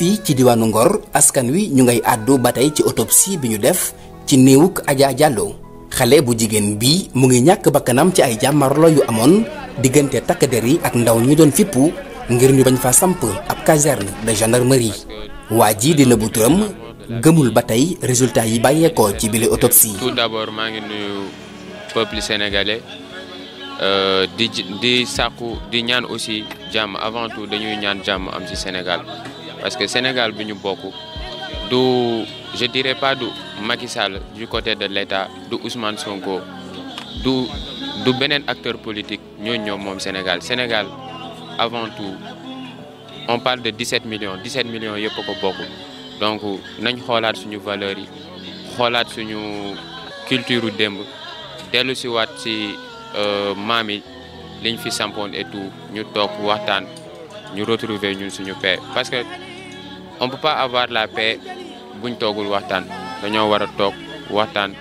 fii ci diwaanu Ngor askan wi ñu ngay àddu ba tey ci autopsie bi ñu def ci néewuk Adja Diallo xale bu jigéen bi mu ngi ñàkk bakkanam ci ay jàmmarlo yu amoon diggante takk der yi ak ndaw ñu doon fippu ngir ñu bañ fa samp ab caserne de gendarmerie waa jii di bu turam gëmul ba tey résultat yi bàyyeekoo ci bile autopsie. tout d'abord maa ngi nuyu peuple sénégalais euh, di di sàkku di ñaan aussi jàmm avant tout dañuy ñaan jàmm am ci Sénégal. parce que Sénégal bi ñu bokk du je dirais pas du Macky Sall du côté de l'État du Ousmane Sonko du du beneen acteur politique ñooñ ñoom moom Sénégal Sénégal avant tout on parle de 17 millions 17 millions yëpp a ko bokk donc nañ xoolaat suñu valeurs yi xoolaat suñu culture démb dellu si waat si euh, maam yi liñ fi sampoon et tout ñu toog waxtaan ñu retrouver ñun suñu paix parce que on peut pas avoir la paix buñ toogul waxtaan dañoo war a toog waxtaan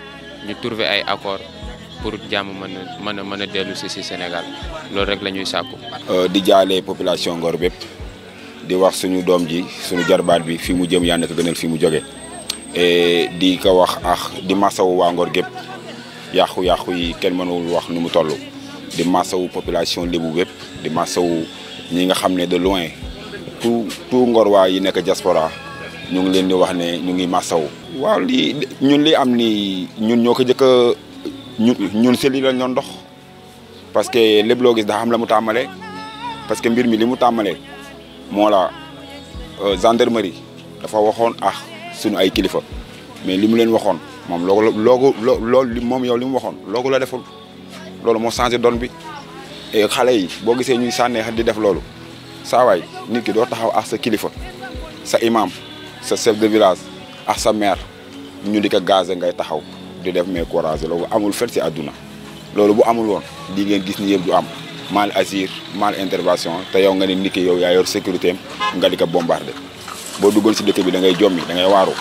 ñu trouver ay accord pour jàmm mën mën a mën a dellu si Sénégal loolu rek la ñuy sàkku. Euh, di jaale population Ngor bépp di wax suñu doom ji suñu jarbaar bi fi mu jëm yàlla na ko gënal fi mu jóge et di ko wax ak di masawu waa Ngor gépp yàqu-yàqu yi kenn mënul wax nu mu toll di masawu population lébu bépp di masawu ñi nga xam ne de loin. tout tout ngorwaay yi nekk diaspora ñu ngi leen di wax ne ñu ngi massaw waaw lii ñun li am ni ñun ñoo ko jëkk a ñun ñun si lii la doon dox parce que lépp loo gis daa am la mu tàmmalee parce que mbir mi li mu tàmmalee moo la euh, gendarmerie dafa waxoon ah suñu ay kilifa mais li mu leen waxoon moom loogu loogu loolu moom yow li mu waxoon loogu la deful loolu moo changé donne bi et xale yi boo gisee ñuy sànnee xat di def loolu saawaay nit ki doo taxaw ak sa kilifa sa imam sa chef de village ak sa maire ñu di ko gazé ngay taxaw di def mais courage loolu amul fet si àdduna loolu bu amul woon di ngeen gis ni yëpp du am mal agir mal intervention te yow nga ne nit ki yow yaa yor sécurité nga di ko bombardé boo duggoon si dëkk bi da ngay jommi da ngay waaru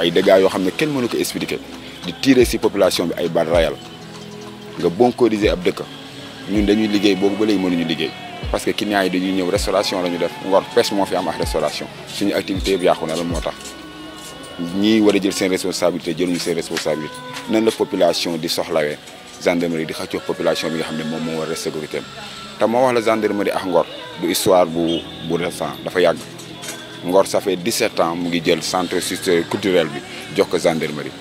ay dégâts yoo xam ne kenn mënu ko expliquer di tiire si population bi ay balle réelle nga bonkodiser ab dëkk ñun dañuy liggéey boobu ba léegi mënuñu liggéey parce que ki clients yi dañuy ñëw restauration la ñu def Ngor pes moo fi am ak restauration suñu activité yëpp yàqu na la moo tax ñii war a jël seen responsabilité jëluñu seen responsabilité nan la population di soxlawee gendarmerie di xëccoo population bi nga xam ne moom moom war a sécurité am te moo wax la gendarmerie ak Ngor du histoire bu bu dafa yàgg Ngor ça fait 17 ans mu ngi jël centre culturel bi jox ko gendarmerie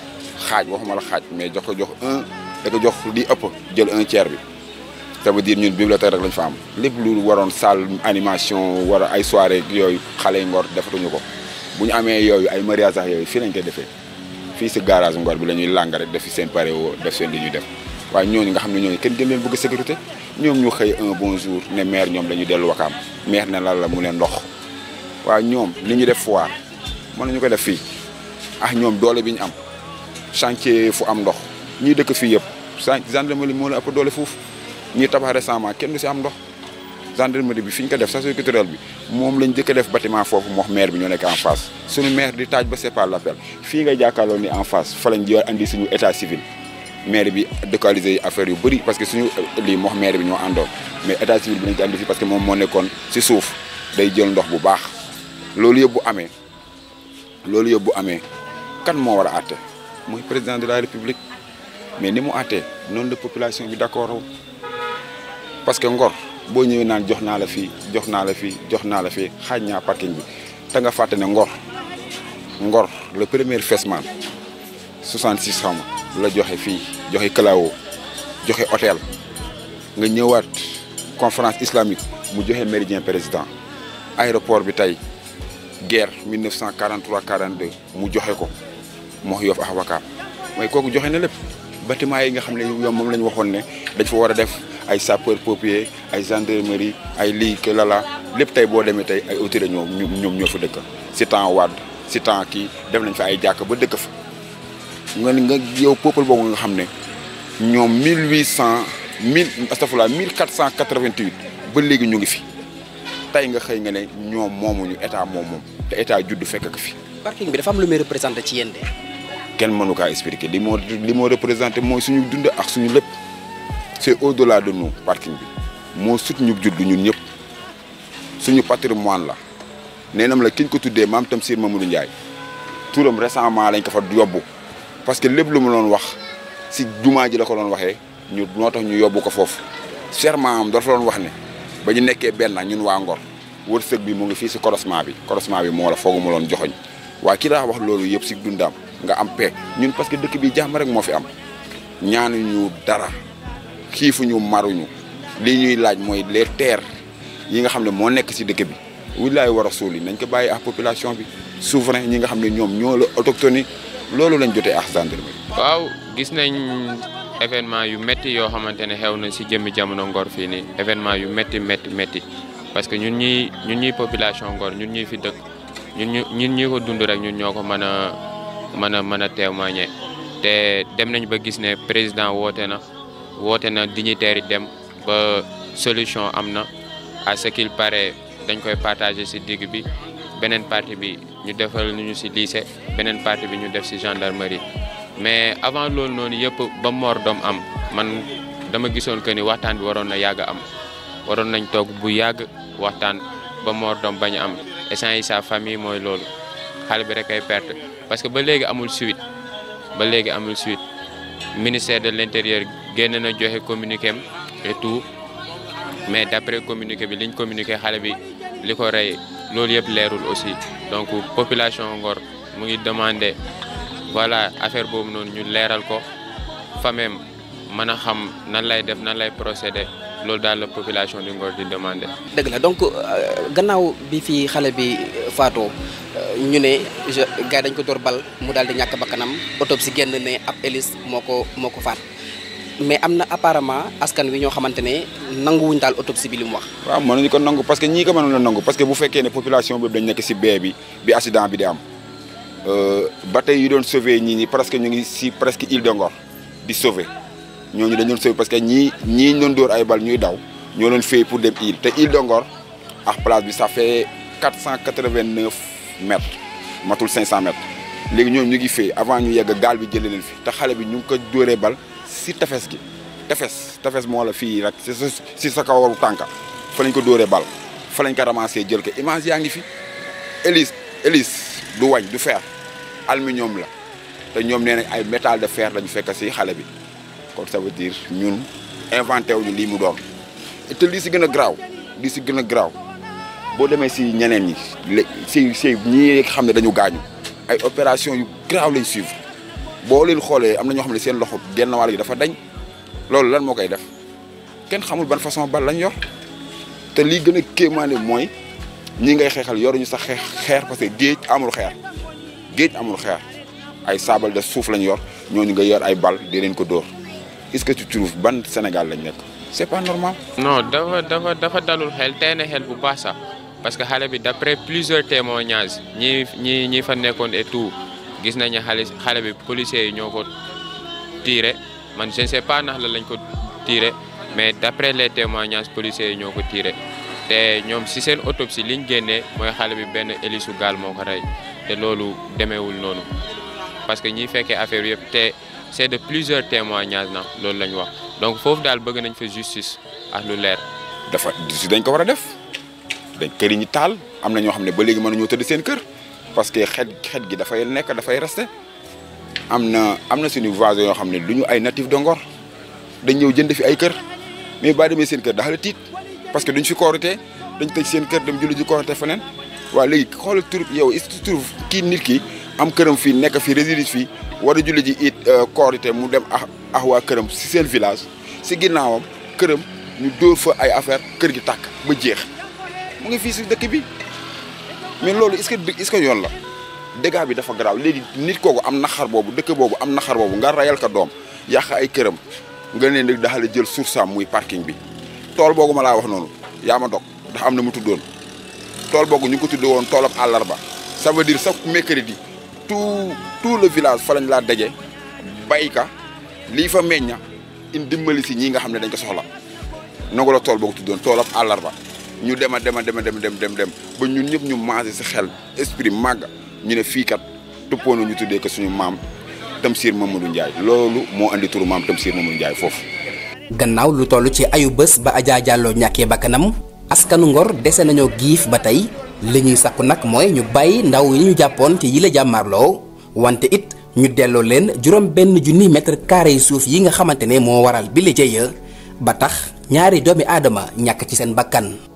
xaaj waxuma la xaaj mais jox ko jox da ko jox li ëpp jël un tiers bi ça veut dire ñun bibliothèque rek lañ fa am lépp lu waroon salle animation war a ay soirée yooyu xale ngor defatuñu ko bu ñu amee yooyu ay mariage sax yooyu fii lañ koy defee fii si garage ngor bi la ñuy làng rek def seen pare woo def seen li ñuy def waaye ñooñu nga xam ne ñooñu kenn gën leen bëgg sécurité ñu xëy un bon jour ne maire ñoom dañuy dellu wakaam maire ne lan la mu ne ndox waaye ñoom li ñu def foire mën nañu ko def fii ah ñoom doole bi ñu am chantier fu am ndox ñii dëkk fii yëpp gendarmerie moo la ëpp doole foofu ñuy tabax récemment kenn du si am ndox gendarmerie bi fi ñu ko def saison culturelle bi moom lañ jëkk def bâtiment foofu moox maire bi ñoo nekk en face suñu maire di taaj ba c'est pas l'appel fii nga jàkkaarloo ni en face fa lañ yor andi suñu état civil maire bi localiser affaire yu bëri parce que suñu lii moox maire bi ñoo àndoon mais état civil bi lañ ci que moom moo nekkoon si suuf day jël ndox bu baax loolu yëpp bu amee loolu yëpp bu amee kan moo war a àtte mooy président de la république mais ni mu àttee noonu la population bi d'accord parce que ngor boo ñëwee naan jox naa la fii jox naa la fi jox naa la fii xaaj naa parking bi te nga fàtte ne ngor ngor le premier fesman 66 xam la joxe fii joxe kalaawo joxe hôtel nga ñëwaat conférence islamique mu joxe méridien président aéroport bi tey guerre 1943 42 mu joxe ko moo yoof ax wakaam mooy kooku joxe na lépp bâtiment yi nga xam ne yow moom la ñu waxoon ne dañ fa war a def ay sapeur pompier ay gendarmerie ay lii que lala lépp tey boo demee tey ay autorité ñoo ñoom ñoo fa dëkk si temps wadd si temps kii def nañ fa ay jàkk ba dëkk fa nga nga yow peuple boobu nga xam ne ñoom mille huit cent mille astafurlah mille quatre cent quatre vingt ba léegi ñu ngi fi tey nga xëy nga ne ñoom moom ñu état moom moom te état juddu fekk ko fi. parking bi dafa am ci yéen kenn mënu kaa expliquer li moo li moo représenté mooy suñu dund ak suñu lépp. c'est au-delà de nous parking bi moo sut ñu juddu ñun ñëpp suñu patrimoine la nee nam la kiñ ko tuddee maam Tamsir Mamadou Ndiaye turam récemment lañ ko fa yobbu parce que lépp lu mu loon wax si jumaa ji la ko doon waxee ñu noo ñu yobbu ko foofu serment am dafa loon wax ne ba ñu nekkee benn ñun waa Ngor wërsëg bi moo ngi fii si croisement bi croisement bi moo la foogu ma doon joxoñ waaye ki laa wax loolu yëpp si dundaam nga am paix ñun parce que dëkk bi jàmm rek moo fi am ñaanuñu dara xiifuñu maruñu li ñuy laaj mooy les terres yi nga xam ne moo nekk si dëkk bi wilaay war a suul nañ ko bàyyi ak population bi souverain ñi nga xam ne ñoom ñoo la loolu lañ jotee ak gendarmerie waaw gis nañ événement yu métti yoo xamante ne xew na si jëmmi jamono Ngor fii nii événement yu métti métti métti parce que ñun ñii ñun ñuy population Ngor ñun ñuy fi dëkk ñun ñu ñun ñi ko dund rek ñun ñoo ko mën a mën a mën a témoigner te dem nañ ba gis ne président woote na woote na dignitaires yi dem ba solution am na à ce qu'il paraît dañ koy partager si digg bi beneen parti bi ñu defal ñu ci lycée beneen partie bi ñu def ci gendarmerie mais avant loolu noonu yëpp ba mor doom am man dama gisoon que ni waxtaan bi waroon na yàgg am waroon nañ toog bu yàgg waxtaan ba mor doom bañ am essence sa famille mooy loolu xale bi rek ay perte parce que ba léegi amul suite ba léegi amul suite ministère de l'intérieur génn na joxe communiqué am et tout mais d'après communiqué bi liñ communiqué xale bi li ko rey loolu yëpp leerul aussi donc population Ngor mu ngi demandé voilà affaire boobu noonu ñu leeral ko famem mën a xam nan lay def nan lay procédé loolu daal la population di Ngor di demandé. dëgg la donc euh, gannaaw bi fi xale bi euh, faatoo euh, ñu ne gars dañ ko door bal mu daal di ñàkk bakkanam autopsie génn ne ab hélice moo ko moo ko faat. mais am na apparemment askan wi ñoo xamante ne wuñ daal autopsie li mu wax. waaw mënuñu ko nangu parce que ñii ko mënoon a nangu parce que bu fekkee ne population boobu dañ nekk si bee bi bi accident bi di am euh, ba tey yu doon sauver ñii ñi presque ñu ngi si presque île de Ngor di sauver ñooñu dañ doon parce que ñii ñii ñu doon door ay bal ñuy daw ñoo doon fay pour dem île te île de Ngor ak place bi sax fait quatre cent quatre-vingt-neuf mètres matul cinq cent mètres. léegi ñoom ñu ngi fee avant ñu yegg gaal bi jëlee leen fi te xale bi ñu ngi ko dóoree bal si tefes gi tefes tefes moo la fii rek si sa si sa kaw waru tànka fa lañ ko dóoree bal fa lañ ko ramassé jël ko image yaa ngi fi hélice hélice du wañ du fer ñoom la te ñoom nee nañ ay métal de fer lañu fekk si xale bi kon sa veut ñun inventé wuñu lii mu doon te lii si gën a garaaw lii si gën a garaaw boo demee si ñeneen yi si si ñi xam ne dañu gaañu ay opération yu grave lañ suivre boo leen xoolee am na ñoo xam ne seen loxo genn wàll gi dafa dañ loolu lan moo koy def kenn xamul ban façon bal lañ yor te lii gën a kéemaane mooy ñi ngay xeexal yoruñu sax xeex xeer parce que géej amul xeer géej amul xeer ay saabal de suuf lañ yor ñoo ñu nga yor ay bal di leen ko dóor est-ce que tu trouves ban Sénégal lañ nekk c'est pas normal. non dafa dafa dafa dalul xel tey na xel bu baax sax parce que xale bi d'après plusieurs témoignages ñi ñi ñi fa nekkoon et tout gis nañu xale xale bi policiers yi ñoo ko tiré man je ne sais pas ndax la lañ ko tiré mais d'après les témoignages policiers yi ñoo ko tiré te ñoom si seen autopsie liñ génnee mooy xale bi benn hélice gaal moo ko rey te loolu demeewul noonu parce que ñi fekkee affaire yëpp te c'est de plusieurs témoignages na loolu lañ wax donc foofu daal bëgg nañ fa justice ak lu leer. dafa dañ ko war a def. dañ këriñ yi taal am na ñoo xam ne ba léegi mënuñoo tëdd seen kër parce que xet xet gi dafay nekk dafay resté am na am na suñu voisins yoo xam ne du ñu ay native de Ngor dañ ñëw jënd fi ay kër mais ba demee seen kër daxale tiit parce que duñ fi koorite dañ tëj seen kër dem julli ji koorite feneen waaw léegi xoolal tur yow il trouve kii nit ki am këram fii nekk fi résidus fii war a julli ji it euh, koorite mu dem ah ax waa këram si seen village si ginnaawam këram ñu dóor fa ay affaire kër gi tàkk ba jeex. mu ngi fii si dëkk bi mais loolu est-ce que yoon la dégâts bi dafa garaaw léegi nit kooku am naxar boobu dëkk boobu am naxar boobu nga rayal ka doom yàq ay këram nga leen di daxale jël sursam muy parking bi tool boobu ma laa wax noonu yaa ma dog ndax am na mu tuddoon tool boobu ñu ko tudde woon toolam àllarba ça veut dire sax mercredi tout tout le village fa lañ laa daje bayka lii fa meñña in dimbali si ñii nga xam ne dañ ko soxla nangu la tool boobu tuddoon toolam àllarba ñu dem a dem a dem a dem dem dem ba ñun ñëpp ñu maase si xel esprit màgg ñu ne fii kat toppoonu ñu tuddee ko suñu maam Tamsir Mamadou Ndiaye loolu moo andi turu maam Tamsir Mamadou Ndiaye foofu. gannaaw lu toll ci ayu bés ba Adja Diallo ñàkkee bakkanam askanu Ngor dese nañoo giif ba tey li ñuy sakku nag mooy ñu bàyyi ndaw yi ñu jàppoon ci yi jàmmarloo wante it ñu delloo leen juróom benn junni mètre carré yu suuf yi nga xamante ne moo waral bi la ba tax ñaari doomi aadama ñàkk ci seen bakkan.